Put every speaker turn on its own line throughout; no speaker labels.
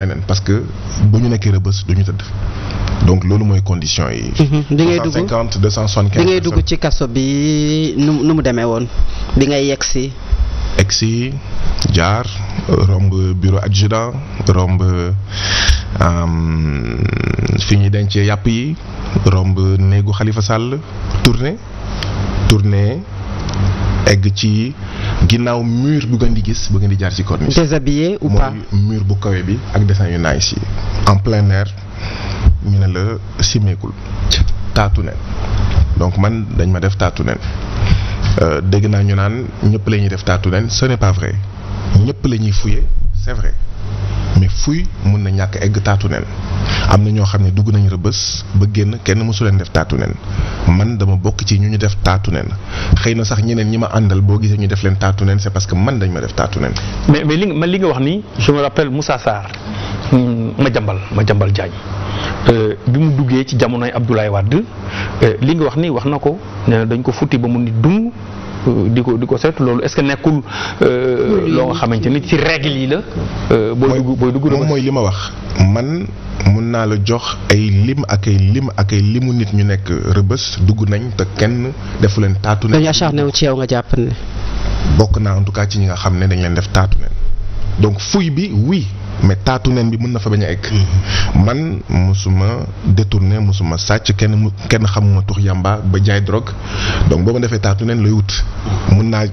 leneen parce que bu ñu nekkee rëbës du ñu tëdd donc loolu mooy condition yi. Mhm, bi ngay dugg 250 275. bi ngay ci kaso bi nu mu demee woon bi ngay yegg si. yegg si jaar romb bureau adjudant romb fi ñuy dencee yàpp yi romb néegu Khalifa Sall tourné tourné egg ci. ginnaaw mur bu ngeen di gis bu ngeen di jaar ci corniche. déshabillé ou pas bu kawe bi ak dessin yu nice yi en plein air ñu ne la simeekul taatu neen donc man dañ ma def taatu neen euh, dégg naa ñu naan ñëpp la ñuy def taatu neen ce n'est pas vrai ñëpp la ñuy fouiller c'est vrai mais fouille mun na ñàkk egg taatu neen am na ñoo xam ne dugg nañ rëbës ba génn kenn mësu leen def taatu nen man dama bokk ci ñu ñu def taatu nen xëy na sax ñeneen ñi ma àndal boo gisee ñu def leen taatu nen c'est parce que man dañ ma def taatu nen.
mais mais li nga man li nga wax ni je me rappelle Moussa mm, ma jambal ma jambal Diagne euh, bi mu duggee ci jamonoy Abdoulaye Wade euh, li nga wax ni wax na ko nee dañ ko futti ba mu ni dum euh, di ko di ko seet loolu est-ce que nekkul loo nga xamante ni ci règle yi la. booy dugg booy dugg moom mooy li ma wax
man. mën naa la jox ay lim ak ay lim ak ay limu nit ñu nekk rëbës dugg nañ te kenn defu leen taatu ne. dañu acharné wu ci yow nga jàpp bokk naa en tout cas ci ñi nga xam ne dañ leen def taatu ne donc fuy bi oui. mais taatu neen bi mën na fa bañ a egg. Mm-hmm. man mosuma détourné mosuma sàcc kenn mu kenn xamuma tux yamba ba jaay drogue donc boo ma defee taatu neen lay wut. mun naa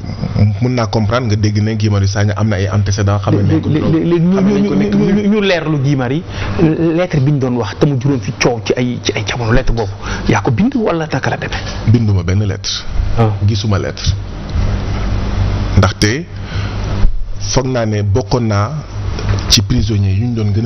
mun naa comprendre nga dégg ne Guimari Sagna am na ay antécédents. xam nañ ko
ñu ñu leerlu Guimari lettre bi ñu doon wax te mu juróom fi coow ci ay ci ay jamono lettre boobu yaa ko bind wala naka la demee. binduma benn lettre. Ah. gisuma lettre. ndaxte foog naa ne bokkoon naa. ci prisonniers :fra yi